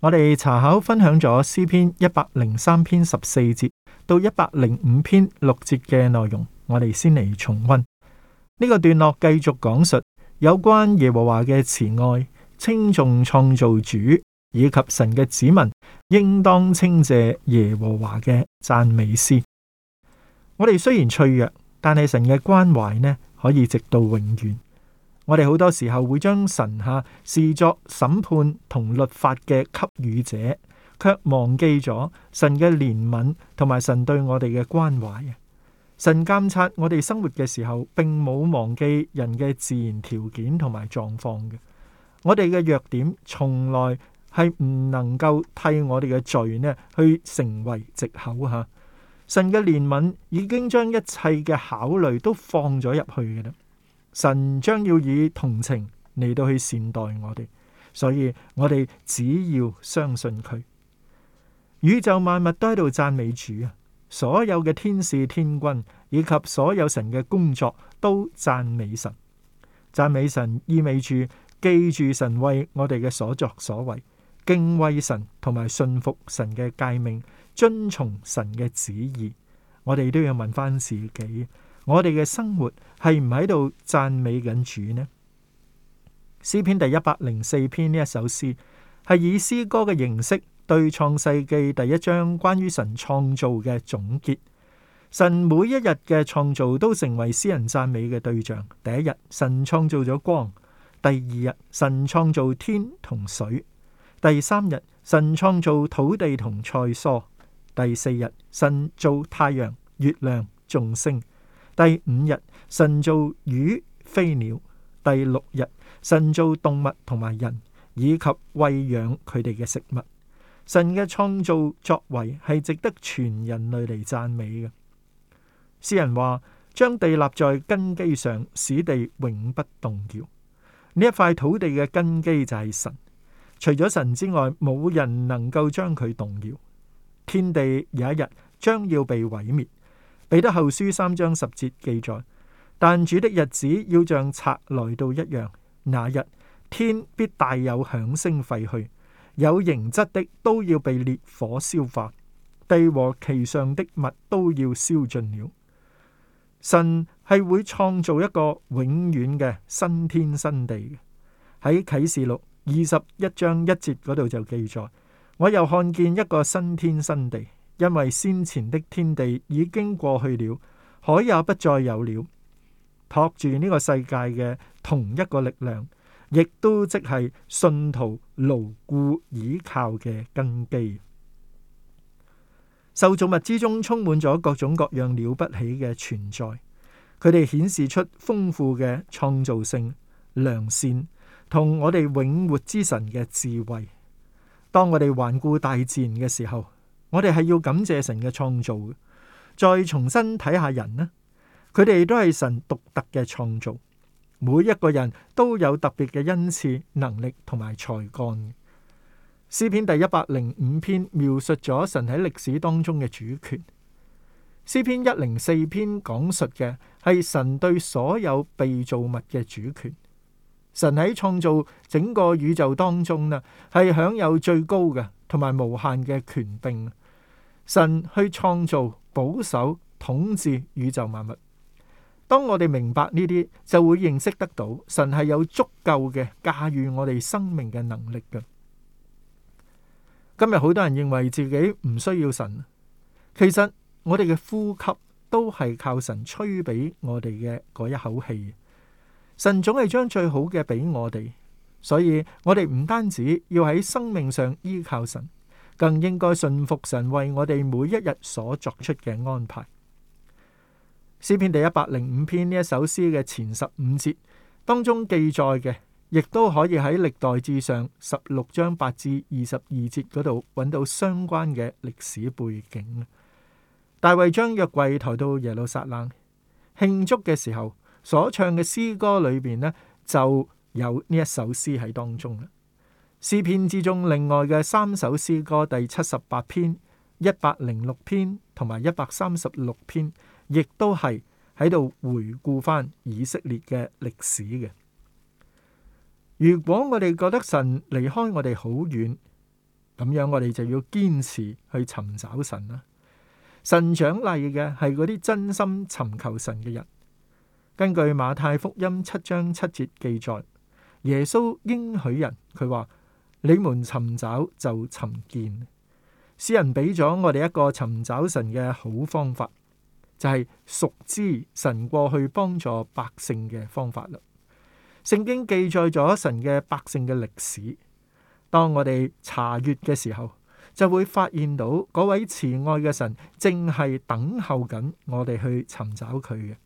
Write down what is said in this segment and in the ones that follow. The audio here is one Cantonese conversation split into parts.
我哋查考分享咗詩篇一百零三篇十四節到一百零五篇六節嘅內容，我哋先嚟重溫呢、這個段落，繼續講述有關耶和華嘅慈愛、稱重、創造主以及神嘅子民應當稱謝耶和華嘅讚美詩。我哋雖然脆弱，但係神嘅關懷呢，可以直到永遠。我哋好多時候會將神吓視作審判同律法嘅給予者，卻忘記咗神嘅憐憫同埋神對我哋嘅關懷啊！神監察我哋生活嘅時候，並冇忘記人嘅自然條件同埋狀況嘅。我哋嘅弱點從來係唔能夠替我哋嘅罪呢去成為藉口吓。神嘅憐憫已經將一切嘅考慮都放咗入去嘅啦。神將要以同情嚟到去善待我哋，所以我哋只要相信佢。宇宙萬物都喺度讚美主啊！所有嘅天使天君以及所有神嘅工作都讚美神。讚美神意味住記住神為我哋嘅所作所為，敬畏神同埋信服神嘅誡命，遵從神嘅旨意。我哋都要問返自己。我哋嘅生活係唔喺度讚美緊主呢？詩篇第一百零四篇呢一首詩係以詩歌嘅形式對創世記第一章關於神創造嘅總結。神每一日嘅創造都成為詩人讚美嘅對象。第一日，神創造咗光；第二日，神創造天同水；第三日，神創造土地同菜蔬；第四日，神造太陽、月亮、眾星。第五日，神造魚、飛鳥；第六日，神造動物同埋人，以及餵養佢哋嘅食物。神嘅創造作為係值得全人類嚟讚美嘅。詩人話：將地立在根基上，使地永不動搖。呢一塊土地嘅根基就係神，除咗神之外，冇人能夠將佢動搖。天地有一日將要被毀滅。彼得後書三章十節記載，但主的日子要像賊來到一樣，那日天必大有響聲廢去，有形質的都要被烈火燒化，地和其上的物都要燒盡了。神係會創造一個永遠嘅新天新地嘅。喺啟示錄二十一章一節嗰度就記載，我又看見一個新天新地。因為先前的天地已經過去了，海也不再有了。托住呢個世界嘅同一個力量，亦都即係信徒牢固倚靠嘅根基。受造物之中充滿咗各種各樣了不起嘅存在，佢哋顯示出豐富嘅創造性、良善同我哋永活之神嘅智慧。當我哋環顧大自然嘅時候，我哋係要感謝神嘅創造，再重新睇下人咧，佢哋都係神獨特嘅創造，每一個人都有特別嘅恩賜、能力同埋才幹。詩篇第一百零五篇描述咗神喺歷史當中嘅主權。詩篇一零四篇講述嘅係神對所有被造物嘅主權。神喺創造整個宇宙當中啦，係享有最高嘅同埋無限嘅權柄。神去創造、保守、統治宇宙萬物。當我哋明白呢啲，就會認識得到神係有足夠嘅駕馭我哋生命嘅能力嘅。今日好多人認為自己唔需要神，其實我哋嘅呼吸都係靠神吹俾我哋嘅嗰一口氣。神總係將最好嘅俾我哋，所以我哋唔單止要喺生命上依靠神，更應該信服神為我哋每一日所作出嘅安排。詩篇第一百零五篇呢一首詩嘅前十五節當中記載嘅，亦都可以喺歷代志上十六章八至二十二節嗰度揾到相關嘅歷史背景。大衛將約櫃抬到耶路撒冷慶祝嘅時候，所唱嘅詩歌裏邊呢，就有呢一首詩喺當中啦。詩篇之中，另外嘅三首詩歌，第七十八篇、一百零六篇同埋一百三十六篇，亦都係喺度回顧翻以色列嘅歷史嘅。如果我哋覺得神離開我哋好遠，咁樣我哋就要堅持去尋找神啦。神獎勵嘅係嗰啲真心尋求神嘅人。根據馬太福音七章七節記載，耶穌應許人，佢話：你們尋找就尋見。詩人俾咗我哋一個尋找神嘅好方法，就係熟知神過去幫助百姓嘅方法啦。聖經記載咗神嘅百姓嘅歷史，當我哋查閱嘅時候，就會發現到嗰位慈愛嘅神正係等候緊我哋去尋找佢嘅。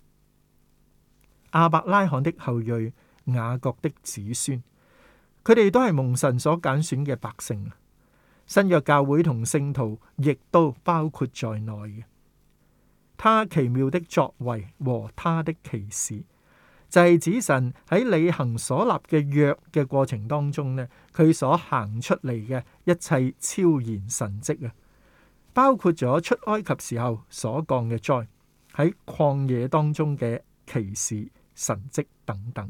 亞伯拉罕的後裔，雅各的子孫。佢哋都係蒙神所揀選嘅百姓，新約教會同聖徒亦都包括在內嘅。他奇妙的作為和他的奇事，就係、是、指神喺履行所立嘅約嘅過程當中咧，佢所行出嚟嘅一切超然神蹟啊，包括咗出埃及時候所降嘅災，喺曠野當中嘅奇事神蹟等等。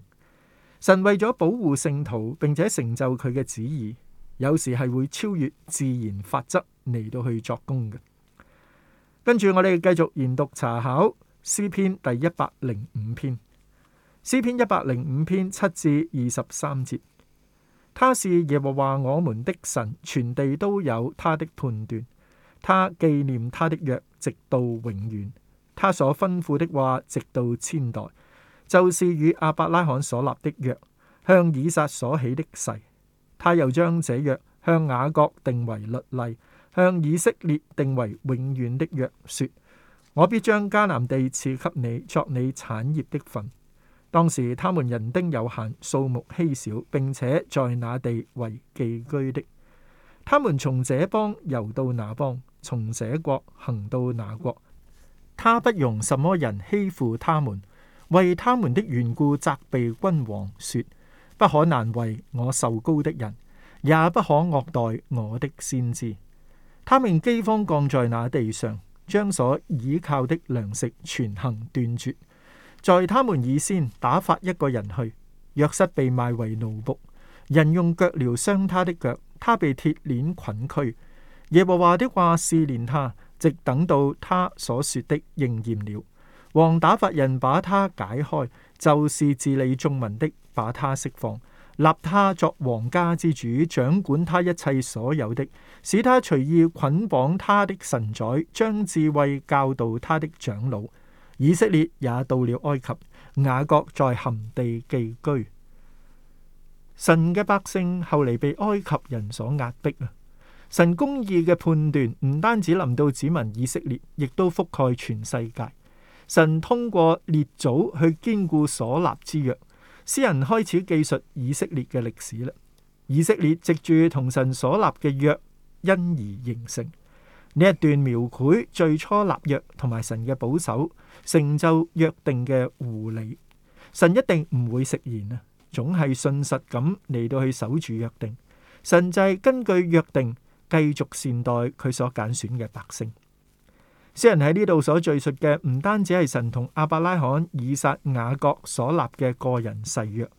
神為咗保護聖徒，並且成就佢嘅旨意，有時係會超越自然法則嚟到去作工嘅。跟住我哋繼續研讀查考詩篇第一百零五篇，詩篇一百零五篇七至二十三節。他是耶和華我們的神，全地都有他的判斷。他紀念他的約，直到永遠。他所吩咐的話，直到千代。就是與亞伯拉罕所立的約，向以撒所起的誓，他又將這約向雅各定為律例，向以色列定為永遠的約，說：我必將迦南地賜給你作你產業的份。當時他們人丁有限，數目稀少，並且在那地為寄居的。他們從這邦遊到那邦，從這國行到那國，他不容什麼人欺負他們。為他們的緣故責備君王，說：不可難為我受膏的人，也不可惡待我的先知。他命饑荒降在那地上，將所倚靠的糧食全行斷絕。在他們以先打發一個人去，約瑟被賣為奴僕，人用腳鐐傷他的腳，他被鐵鏈捆拘。耶和華的話試煉他，直等到他所說的應驗了。王打發人把他解開，就是治理眾民的，把他釋放，立他作皇家之主，掌管他一切所有的，使他隨意捆綁他的臣宰，將智慧教導他的長老。以色列也到了埃及，雅各在含地寄居。神嘅百姓後嚟被埃及人所壓迫啊！神公義嘅判斷唔單止臨到子民以色列，亦都覆蓋全世界。神通過列祖去堅固所立之約，詩人開始記述以色列嘅歷史啦。以色列藉住同神所立嘅約，因而形成。呢一段描繪最初立約同埋神嘅保守成就約定嘅護理。神一定唔會食言啊，總係信實咁嚟到去守住約定。神就係根據約定繼續善待佢所揀選嘅百姓。詩人喺呢度所敘述嘅，唔單止係神同亞伯拉罕、以撒、雅各所立嘅個人誓約，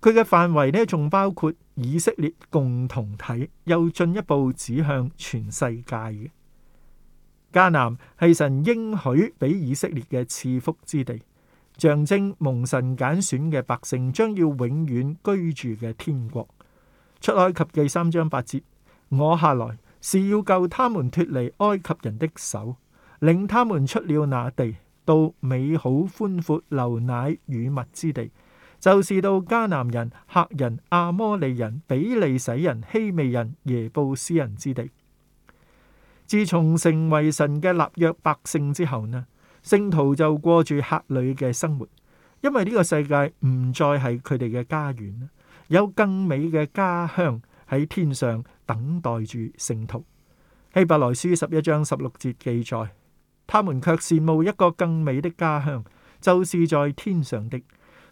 佢嘅範圍呢，仲包括以色列共同體，又進一步指向全世界嘅。迦南，係神應許俾以色列嘅賜福之地，象徵蒙神揀選嘅百姓將要永遠居住嘅天國。出埃及記三章八節：我下來是要救他們脫離埃及人的手。令他們出了那地，到美好寬闊流奶與蜜之地，就是到迦南人、赫人、亞摩利人、比利洗人、希未人、耶布斯人之地。自從成為神嘅立約百姓之後呢，聖徒就過住客旅嘅生活，因為呢個世界唔再係佢哋嘅家園，有更美嘅家鄉喺天上等待住聖徒。希伯來書十一章十六節記載。他們卻羨慕一個更美的家鄉，就是在天上的。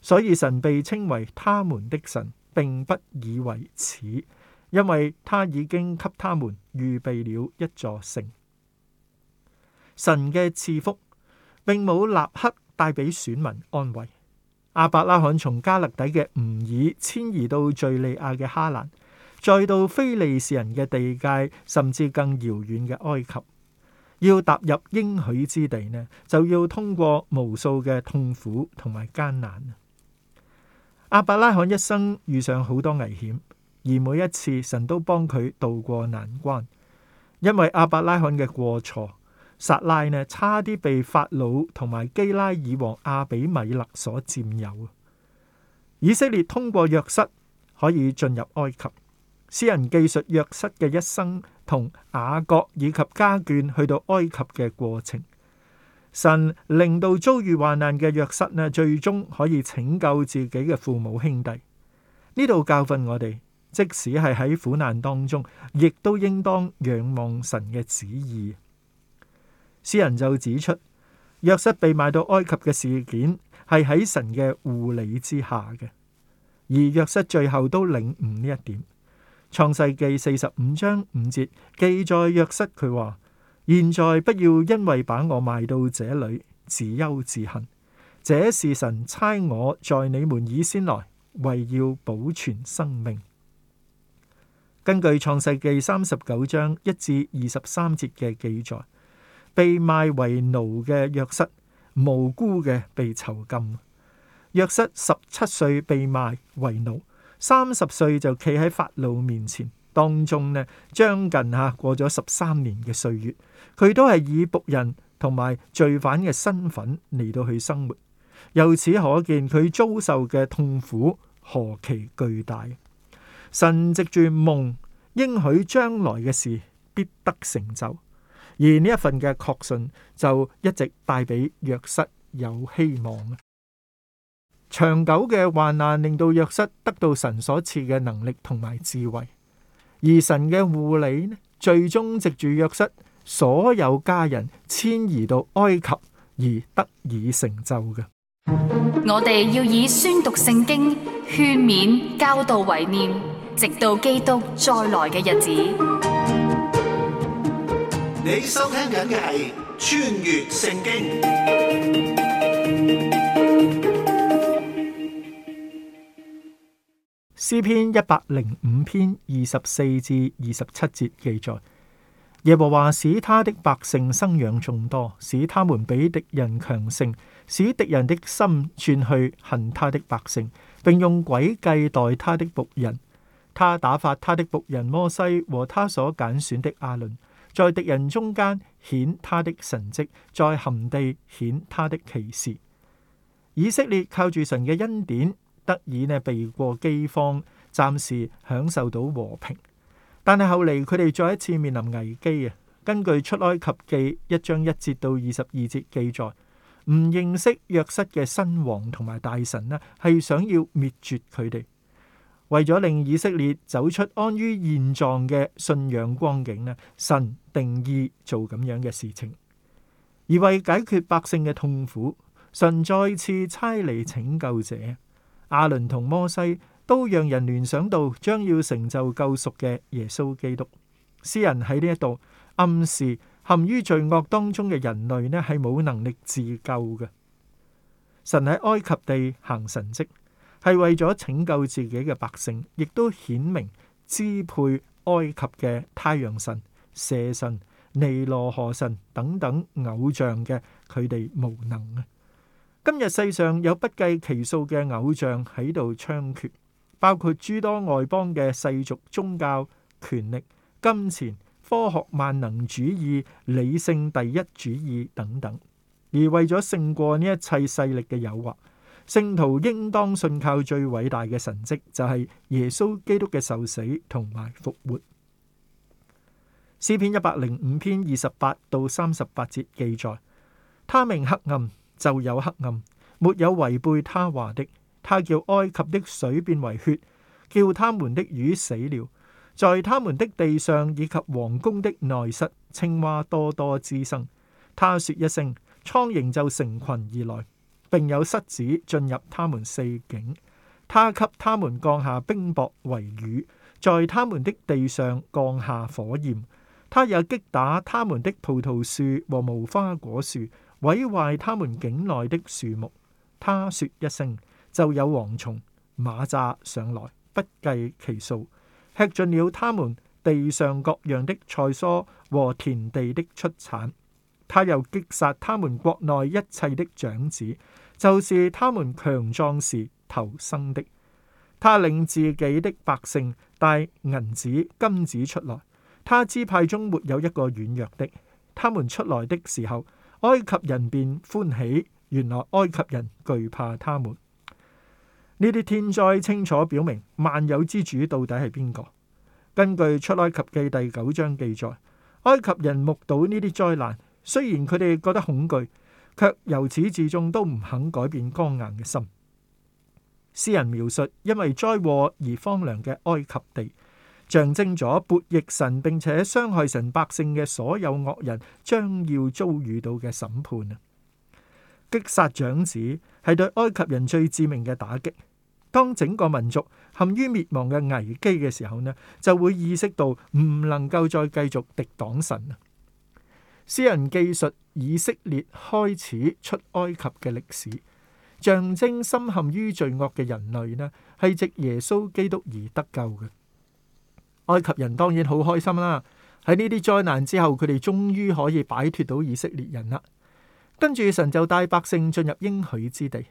所以神被稱為他們的神，並不以為恥，因為他已經給他們預備了一座城。神嘅賜福，並冇立刻帶俾選民安慰。亞伯拉罕從迦勒底嘅吾珥遷移到敘利亞嘅哈蘭，再到非利士人嘅地界，甚至更遙遠嘅埃及。要踏入應許之地呢，就要通過無數嘅痛苦同埋艱難。亞伯拉罕一生遇上好多危險，而每一次神都幫佢渡過難關。因為亞伯拉罕嘅過錯，撒拉呢差啲被法老同埋基拉爾王阿比米勒所佔有。以色列通過約瑟可以進入埃及。詩人記述約瑟嘅一生。同雅各以及家眷去到埃及嘅過程，神令到遭遇患難嘅約瑟呢，最終可以拯救自己嘅父母兄弟。呢度教訓我哋，即使係喺苦難當中，亦都應當仰望神嘅旨意。詩人就指出，約瑟被賣到埃及嘅事件係喺神嘅護理之下嘅，而約瑟最後都領悟呢一點。創世記四十五章五節記載約瑟。佢話：現在不要因為把我賣到這裏自憂自恨，這是神差我在你們以先來，為要保存生命。根據創世記三十九章一至二十三節嘅記載，被賣為奴嘅約瑟，無辜嘅被囚禁。約瑟十七歲被賣為奴。三十歲就企喺法老面前當中呢，將近吓、啊、過咗十三年嘅歲月，佢都係以僕人同埋罪犯嘅身份嚟到去生活。由此可見佢遭受嘅痛苦何其巨大。神藉住夢應許將來嘅事必得成就，而呢一份嘅確信就一直帶俾約瑟有希望。長久嘅患難令到約瑟得到神所賜嘅能力同埋智慧，而神嘅護理呢，最終藉住約瑟，所有家人遷移到埃及而得以成就嘅。我哋要以宣讀聖經、勸勉、教導為念，直到基督再來嘅日子。你收聽緊嘅係穿越聖經。詩篇一百零五篇二十四至二十七節記載：耶和華使他的百姓生養眾多，使他們比敵人強盛，使敵人的心轉去恨他的百姓，並用詭計待他的僕人。他打發他的僕人摩西和他所揀選的阿倫，在敵人中間顯他的神蹟，在含地顯他的奇事。以色列靠住神嘅恩典。得以呢避過饑荒，暫時享受到和平。但係後嚟，佢哋再一次面臨危機啊！根據《出埃及記》一章一節到二十二節記載，唔認識約瑟嘅新王同埋大臣呢，係想要滅絕佢哋。為咗令以色列走出安於現狀嘅信仰光景呢，神定義做咁樣嘅事情，而為解決百姓嘅痛苦，神再次差嚟拯救者。阿倫同摩西都讓人聯想到將要成就救贖嘅耶穌基督。詩人喺呢一度暗示陷於罪惡當中嘅人類呢係冇能力自救嘅。神喺埃及地行神跡，係為咗拯救自己嘅百姓，亦都顯明支配埃及嘅太陽神、蛇神、尼羅河神等等偶像嘅佢哋無能啊！今日世上有不計其數嘅偶像喺度猖獗，包括諸多外邦嘅世俗、宗教、權力、金錢、科學萬能主義、理性第一主義等等。而為咗勝過呢一切勢力嘅誘惑，聖徒應當信靠最偉大嘅神蹟，就係耶穌基督嘅受死同埋復活。詩篇一百零五篇二十八到三十八節記載：他名黑暗，就有黑暗，沒有違背他話的。他叫埃及的水變為血，叫他們的魚死了，在他們的地上以及王宮的內室，青蛙多多滋生。他說一聲，蒼蠅就成群而來，並有虱子進入他們四境。他給他們降下冰雹為雨，在他們的地上降下火焰。他也擊打他們的葡萄樹和無花果樹。毀壞他們境內的樹木，他說一聲，就有蝗蟲螞蚱上來，不計其數，吃盡了他們地上各樣的菜蔬和田地的出產。他又擊殺他們國內一切的長子，就是他們強壯時頭生的。他領自己的百姓帶銀子金子出來，他支派中沒有一個軟弱的。他們出來的時候，埃及人便歡喜，原來埃及人懼怕他們。呢啲天災清楚表明萬有之主到底係邊個。根據出埃及記第九章記載，埃及人目睹呢啲災難，雖然佢哋覺得恐懼，卻由始至終都唔肯改變剛硬嘅心。詩人描述因為災禍而荒涼嘅埃及地。象徵咗叛逆神，並且傷害神百姓嘅所有惡人，將要遭遇到嘅審判啊！擊殺長子係對埃及人最致命嘅打擊。當整個民族陷於滅亡嘅危機嘅時候呢，就會意識到唔能夠再繼續敵擋神啊。詩人記述以色列開始出埃及嘅歷史，象徵深陷於罪惡嘅人類呢係藉耶穌基督而得救嘅。埃及人當然好開心啦！喺呢啲災難之後，佢哋終於可以擺脱到以色列人啦。跟住神就帶百姓進入應許之地。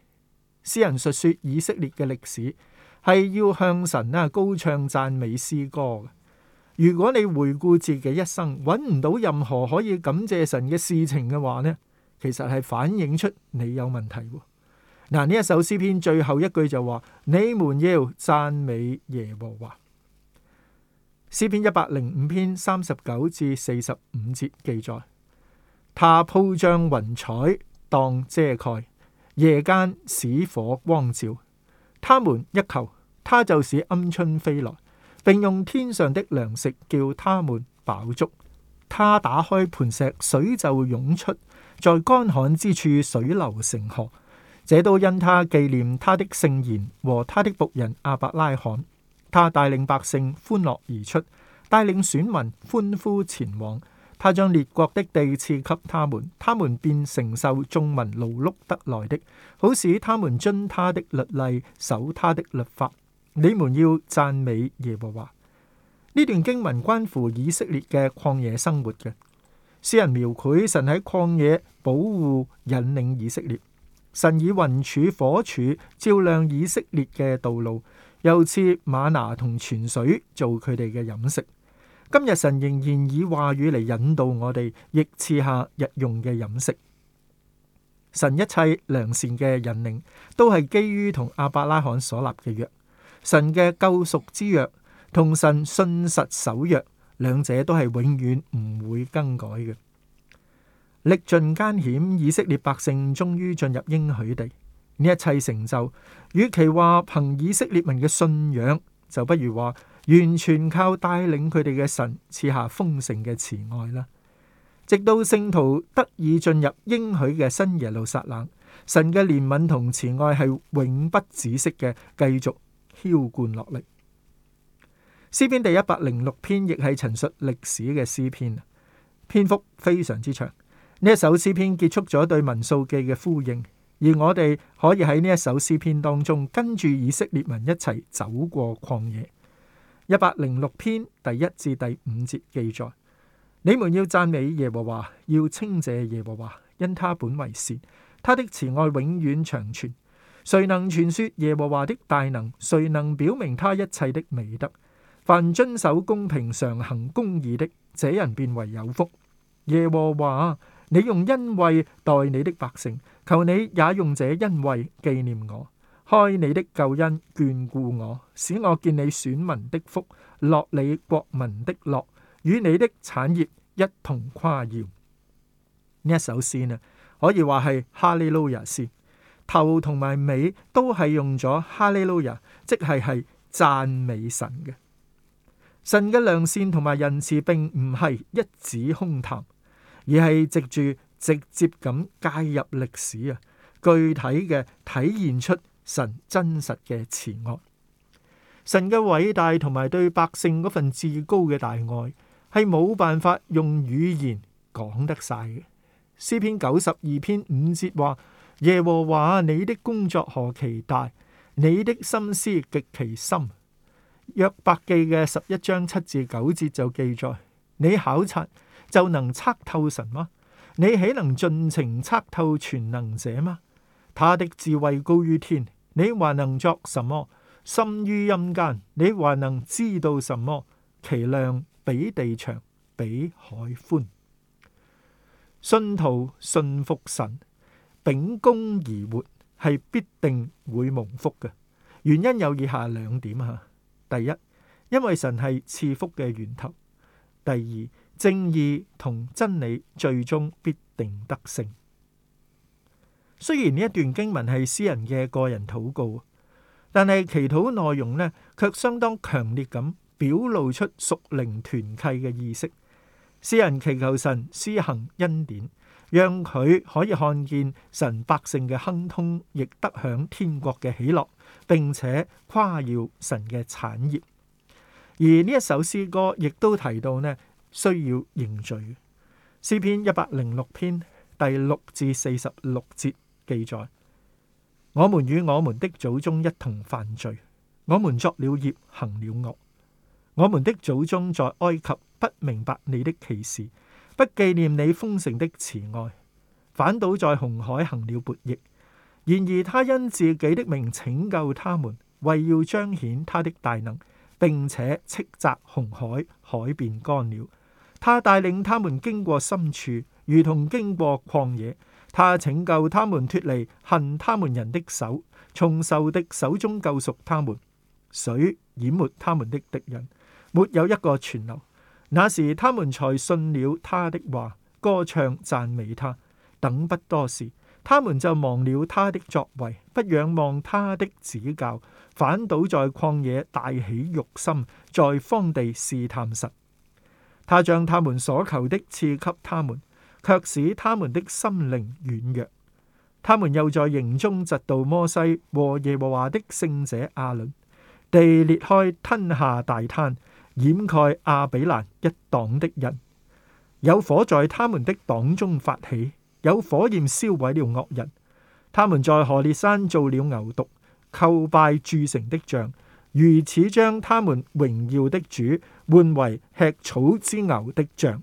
詩人述説以色列嘅歷史，係要向神啊高唱讚美詩歌嘅。如果你回顧自己一生，揾唔到任何可以感謝神嘅事情嘅話呢，其實係反映出你有問題。嗱，啊，呢一首詩篇最後一句就話：你們要讚美耶和華。詩篇一百零五篇三十九至四十五節記載：他鋪張雲彩當遮蓋，夜間使火光照；他們一求，他就使鵪鶉飛來，並用天上的糧食叫他們飽足。他打開磐石，水就湧出，在乾旱之處水流成河。這都因他紀念他的聖言和他的僕人亞伯拉罕。他帶領百姓歡樂而出，帶領選民歡呼前往。他將列國的地賜給他們，他們便承受眾民勞碌得來的。好使他們遵他的律例，守他的律法。你們要讚美耶和華。呢段經文關乎以色列嘅曠野生活嘅。詩人描繪神喺曠野保護、引領以色列。神以雲柱火柱照亮以色列嘅道路。又賜馬拿同泉水做佢哋嘅飲食。今日神仍然以話語嚟引導我哋，亦賜下日用嘅飲食。神一切良善嘅引領，都係基於同亞伯拉罕所立嘅約。神嘅救贖之約同神信實守約，兩者都係永遠唔會更改嘅。歷盡艱險，以色列百姓終於進入應許地。呢一切成就，與其話憑以色列民嘅信仰，就不如話完全靠帶領佢哋嘅神賜下豐盛嘅慈愛啦。直到聖徒得以進入應許嘅新耶路撒冷，神嘅憐憫同慈愛係永不止息嘅，繼續澆灌落嚟。詩篇第一百零六篇亦係陳述歷史嘅詩篇，篇幅非常之長。呢一首詩篇結束咗對民數記嘅呼應。而我哋可以喺呢一首詩篇當中跟住以色列民一齊走過曠野。一百零六篇第一至第五節記載：你們要讚美耶和華，要稱謝耶和華，因他本為善，他的慈愛永遠長存。誰能傳說耶和華的大能？誰能表明他一切的美德？凡遵守公平、常行公義的，這人便為有福。耶和華。你用恩惠待你的百姓，求你也用這恩惠紀念我，開你的救恩眷顧我，使我見你選民的福，樂你國民的樂，與你的產業一同誇耀。呢一首詩啊，可以話係哈利路亞詩，頭同埋尾都係用咗哈利路亞，即係係讚美神嘅。神嘅良善同埋仁慈，並唔係一紙空談而係藉住直接咁介入歷史啊，具體嘅體現出神真實嘅慈愛，神嘅偉大同埋對百姓嗰份至高嘅大愛，係冇辦法用語言講得晒嘅。詩篇九十二篇五節話：耶和華你的工作何其大，你的心思極其深。約伯記嘅十一章七至九節就記載你考察。就能測透神嗎？你豈能盡情測透全能者嗎？他的智慧高於天，你還能作什麼？深於陰間，你還能知道什麼？其量比地長，比海寬。信徒信服神，秉公而活，係必定會蒙福嘅。原因有以下兩點吓：第一，因為神係賜福嘅源頭；第二。正義同真理最終必定得勝。雖然呢一段經文係詩人嘅個人禱告，但係祈禱內容咧，卻相當強烈咁表露出屬靈團契嘅意識。詩人祈求神施行恩典，讓佢可以看見神百姓嘅亨通，亦得享天國嘅喜樂，並且誇耀神嘅產業。而呢一首詩歌亦都提到咧。需要認罪。詩篇一百零六篇第六至四十六節記載：我們與我們的祖宗一同犯罪，我們作了孽，行了惡。我們的祖宗在埃及不明白你的奇事，不紀念你豐盛的慈愛，反倒在紅海行了悖逆。然而他因自己的名拯救他們，為要彰顯他的大能，並且斥責紅海，海變乾了。他帶領他們經過深處，如同經過曠野。他拯救他們脫離恨他們人的手，從仇敵手中救贖他們。水淹沒他們的敵人，沒有一個存留。那時他們才信了他的話，歌唱讚美他。等不多時，他們就忘了他的作為，不仰望他的指教，反倒在曠野大起欲心，在荒地試探神。他將他們所求的賜給他們，卻使他們的心靈軟弱。他們又在營中嫉妒摩西和耶和華的聖者亞倫。地裂開吞下大坍，掩蓋亞比蘭一黨的人。有火在他們的黨中發起，有火焰燒毀了惡人。他們在何烈山造了牛犢，叩拜鑄成的像。如此將他們榮耀的主換為吃草之牛的像。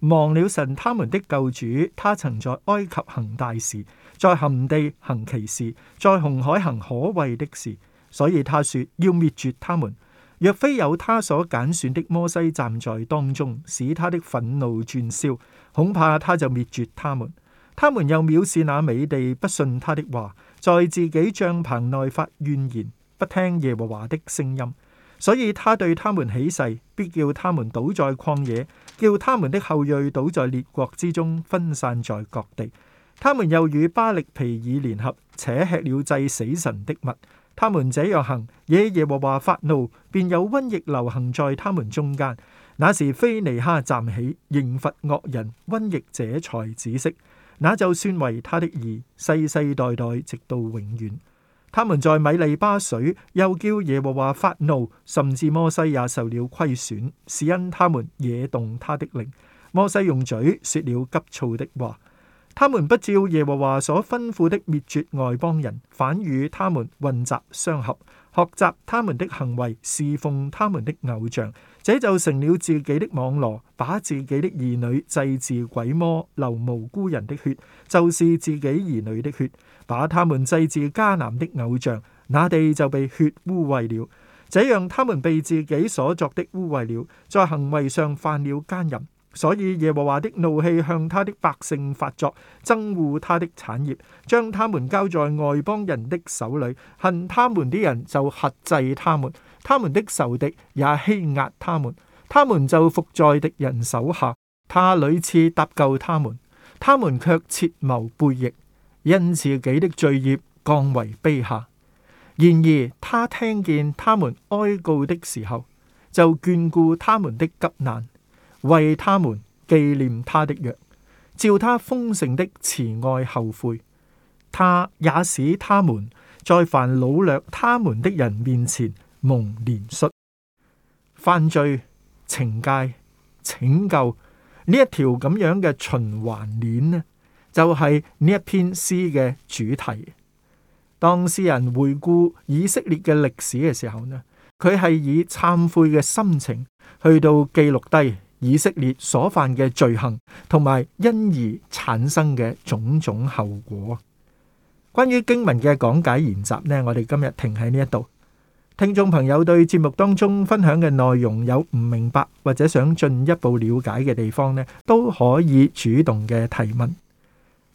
忘了神他們的救主，他曾在埃及行大事，在含地行奇事，在紅海行可畏的事。所以他說要滅絕他們，若非有他所揀選的摩西站在當中，使他的憤怒轉消，恐怕他就滅絕他們。他們又藐視那美地，不信他的話，在自己帳棚內發怨言。不聽耶和華的聲音，所以他對他們起誓，必叫他們倒在曠野，叫他們的後裔倒在列國之中，分散在各地。他們又與巴力毗珥聯合，且吃了祭死神的物。他們這樣行，惹耶和華發怒，便有瘟疫流行在他們中間。那時非尼哈站起，刑罰惡人，瘟疫者才止息。那就算為他的義，世世代代，代直到永遠。他們在米利巴水又叫耶和華發怒，甚至摩西也受了虧損，是因他們惹動他的靈。摩西用嘴說了急躁的話，他們不照耶和華所吩咐的滅絕外邦人，反與他們混雜相合，學習他們的行為，侍奉他們的偶像，這就成了自己的網羅，把自己的兒女祭祀鬼魔，流無辜人的血，就是自己兒女的血。把他們祭祀迦南的偶像，那地就被血污穢了。這樣，他們被自己所作的污穢了，在行為上犯了姦淫。所以耶和華的怒氣向他的百姓發作，憎惡他的產業，將他們交在外邦人的手裏。恨他們的人就轄制他們，他們的仇敵也欺壓他們。他們就伏在敵人手下，他屢次搭救他們，他們却設謀背逆。因自己的罪孽降為卑下，然而他聽見他們哀告的時候，就眷顧他們的急難，為他們紀念他的約，照他豐盛的慈愛後悔，他也使他們在凡擄掠他們的人面前蒙憐恤。犯罪、懲戒、拯救呢一條咁樣嘅循環鏈呢，就係呢一篇詩嘅主題。當詩人回顧以色列嘅歷史嘅時候呢，佢係以懺悔嘅心情去到記錄低以色列所犯嘅罪行，同埋因而產生嘅種種後果。關於經文嘅講解研習呢，我哋今日停喺呢一度。聽眾朋友對節目當中分享嘅內容有唔明白或者想進一步了解嘅地方呢，都可以主動嘅提問。